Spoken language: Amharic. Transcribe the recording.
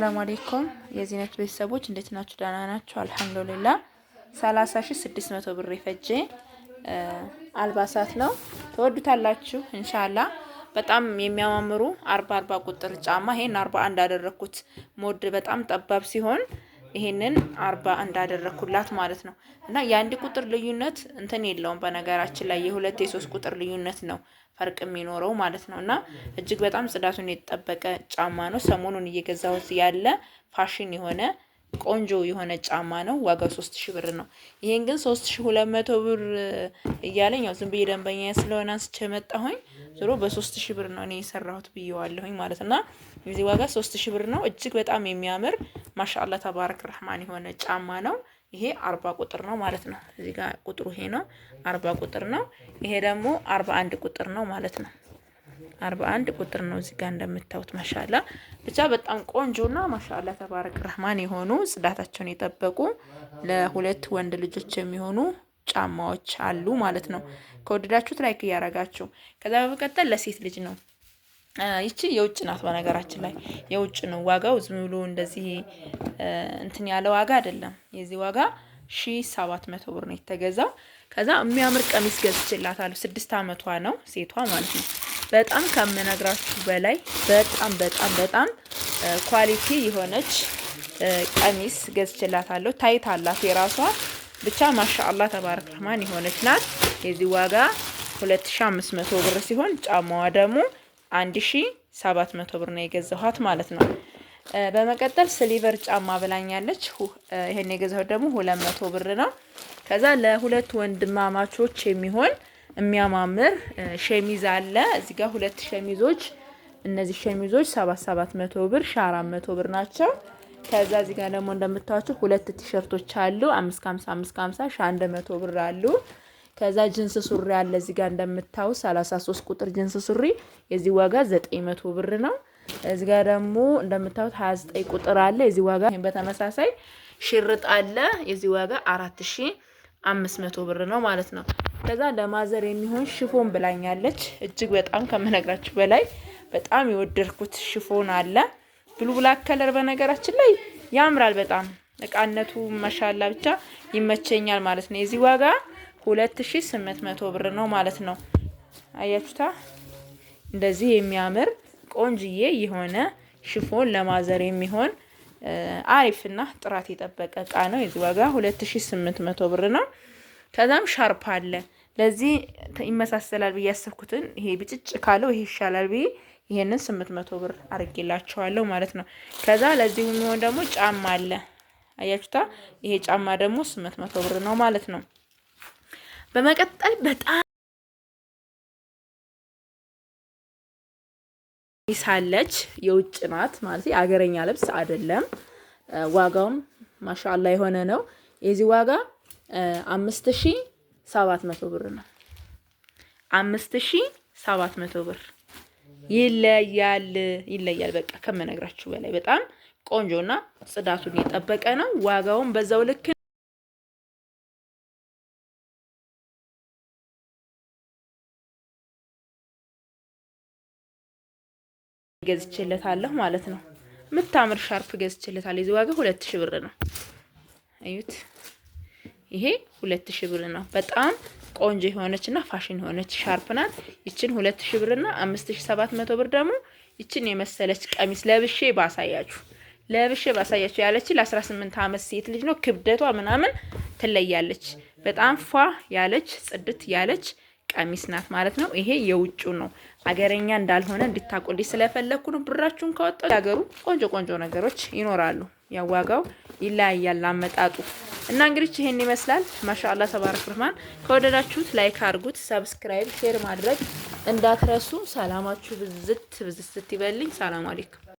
ሰላም አሌይኩም የዚህነት ቤተሰቦች እንዴት ናችሁ? ደህና ናችሁ? አልሐምዱሊላ። ሰላሳ ብር የፈጀ አልባሳት ነው። ትወዱታላችሁ እንሻላ። በጣም የሚያማምሩ 40 40 ቁጥር ጫማ ይሄን 41 አንድ አደረግኩት። ሞድ በጣም ጠባብ ሲሆን ይሄንን አርባ እንዳደረግኩላት ማለት ነው። እና የአንድ ቁጥር ልዩነት እንትን የለውም በነገራችን ላይ የሁለት የሶስት ቁጥር ልዩነት ነው ፈርቅ የሚኖረው ማለት ነው። እና እጅግ በጣም ጽዳቱን የተጠበቀ ጫማ ነው። ሰሞኑን እየገዛሁት ያለ ፋሽን የሆነ ቆንጆ የሆነ ጫማ ነው። ዋጋው ሶስት ሺ ብር ነው። ይሄን ግን ሶስት ሺ ሁለት መቶ ብር እያለኝ ያው ዝም ብዬ ደንበኛ ስለሆነ አንስቼ መጣሁኝ። ዞሮ በሶስት ሺ ብር ነው እኔ የሰራሁት ብዬዋለሁኝ ማለት እና የዚህ ዋጋ ሶስት ሺ ብር ነው። እጅግ በጣም የሚያምር ማሻአላ ተባረክ ረህማን የሆነ ጫማ ነው። ይሄ አርባ ቁጥር ነው ማለት ነው። እዚህ ጋር ቁጥሩ ይሄ ነው፣ አርባ ቁጥር ነው። ይሄ ደግሞ አርባ አንድ ቁጥር ነው ማለት ነው። 41 ቁጥር ነው እዚህ ጋር እንደምታዩት ማሻላ ብቻ በጣም ቆንጆና ማሻላ ተባረክ ረህማን የሆኑ ጽዳታቸውን የጠበቁ ለሁለት ወንድ ልጆች የሚሆኑ ጫማዎች አሉ ማለት ነው። ከወደዳችሁት ላይክ እያረጋችሁ ከዛ በመቀጠል ለሴት ልጅ ነው። ይቺ የውጭ ናት። በነገራችን ላይ የውጭ ነው ዋጋው። ዝም ብሎ እንደዚህ እንትን ያለ ዋጋ አይደለም። የዚህ ዋጋ ሺ ሰባት መቶ ብር ነው የተገዛው። ከዛ የሚያምር ቀሚስ ገዝችላታለሁ። ስድስት አመቷ ነው ሴቷ ማለት ነው። በጣም ከምነግራችሁ በላይ በጣም በጣም በጣም ኳሊቲ የሆነች ቀሚስ ገዝችላታለሁ። ታይት አላት የራሷ ብቻ ማሻአላ ተባረክ ረህማን የሆነች ናት። የዚህ ዋጋ 2500 ብር ሲሆን ጫማዋ ደግሞ 1700 ብር ነው የገዛኋት ማለት ነው። በመቀጠል ስሊቨር ጫማ ብላኛለች። ይሄን የገዛሁት ደግሞ 200 ብር ነው። ከዛ ለሁለት ወንድማማቾች የሚሆን የሚያማምር ሸሚዝ አለ። እዚህ ጋር ሁለት ሸሚዞች እነዚህ ሸሚዞች 7700 ብር ሺ ብር ናቸው። ከዛ እዚህ ጋር ደግሞ እንደምታዩቸው ሁለት ቲሸርቶች አሉ 555 ሺ ብር አሉ። ከዛ ጅንስ ሱሪ አለ እዚህ ጋር እንደምታዩ 33 ቁጥር ጅንስ ሱሪ የዚህ ዋጋ 900 ብር ነው። እዚህ ጋር ደግሞ እንደምታዩት 29 ቁጥር አለ የዚህ ዋጋ በተመሳሳይ ሽርጥ አለ የዚህ ዋጋ 4500 ብር ነው ማለት ነው። ከዛ ለማዘር የሚሆን ሽፎን ብላኛለች። እጅግ በጣም ከመነግራችሁ በላይ በጣም የወደድኩት ሽፎን አለ። ብሉ ብላክ ከለር በነገራችን ላይ ያምራል በጣም እቃነቱ መሻላ ብቻ ይመቸኛል ማለት ነው። የዚህ ዋጋ 2800 ብር ነው ማለት ነው። አያችሁታ እንደዚህ የሚያምር ቆንጅዬ የሆነ ሽፎን ለማዘር የሚሆን አሪፍና ጥራት የጠበቀ እቃ ነው። የዚህ ዋጋ 2800 ብር ነው። ከዛም ሻርፕ አለ። ለዚህ ይመሳሰላል ብዬ ያሰብኩትን ይሄ ብጭጭ ካለው ይሄ ይሻላል ብዬ ይሄንን ስምንት መቶ ብር አድርጌላቸዋለሁ ማለት ነው። ከዛ ለዚህ የሚሆን ደግሞ ጫማ አለ። አያችሁታ ይሄ ጫማ ደግሞ ስምንት መቶ ብር ነው ማለት ነው። በመቀጠል በጣም ሳለች የውጭ ናት ማለት አገረኛ ልብስ አይደለም። ዋጋውም ማሻአላ የሆነ ነው የዚህ ዋጋ አምስት ሺ ሰባት መቶ ብር ነው። አምስት ሺ ሰባት መቶ ብር ይለያል ይለያል። በቃ ከመነግራችሁ በላይ በጣም ቆንጆና ጽዳቱን የጠበቀ ነው። ዋጋውን በዛው ልክ ገዝቼለታለሁ ማለት ነው። የምታምር ሻርፕ ገዝቼለታለሁ። የዚህ ዋጋ ሁለት ሺ ብር ነው። እዩት። ይሄ ሁለት ሺህ ብር ነው። በጣም ቆንጆ የሆነችና ፋሽን የሆነች ሻርፕ ናት። ይችን ሁለት ሺህ ብርና አምስት ሺህ ሰባት መቶ ብር ደግሞ ይችን የመሰለች ቀሚስ ለብሼ ባሳያችሁ ለብሼ ባሳያችሁ ያለች ለ ስምንት አመት ሴት ልጅ ነው ክብደቷ ምናምን ትለያለች። በጣም ፏ ያለች ጽድት ያለች ቀሚስ ናት ማለት ነው። ይሄ የውጩ ነው አገረኛ እንዳልሆነ እንድታቆልኝ ስለፈለግኩ ነው። ብራችሁን ካወጣ ያገሩ ቆንጆ ቆንጆ ነገሮች ይኖራሉ። ያዋጋው ይለያያል አመጣጡ እና እንግዲህ ይሄን ይመስላል። ማሻአላ ተባረክ ረህማን። ከወደዳችሁት ላይክ አድርጉት፣ ሰብስክራይብ፣ ሼር ማድረግ እንዳትረሱ። ሰላማችሁ ብዝት ብዝት ይበልኝ። ሰላም አለይኩም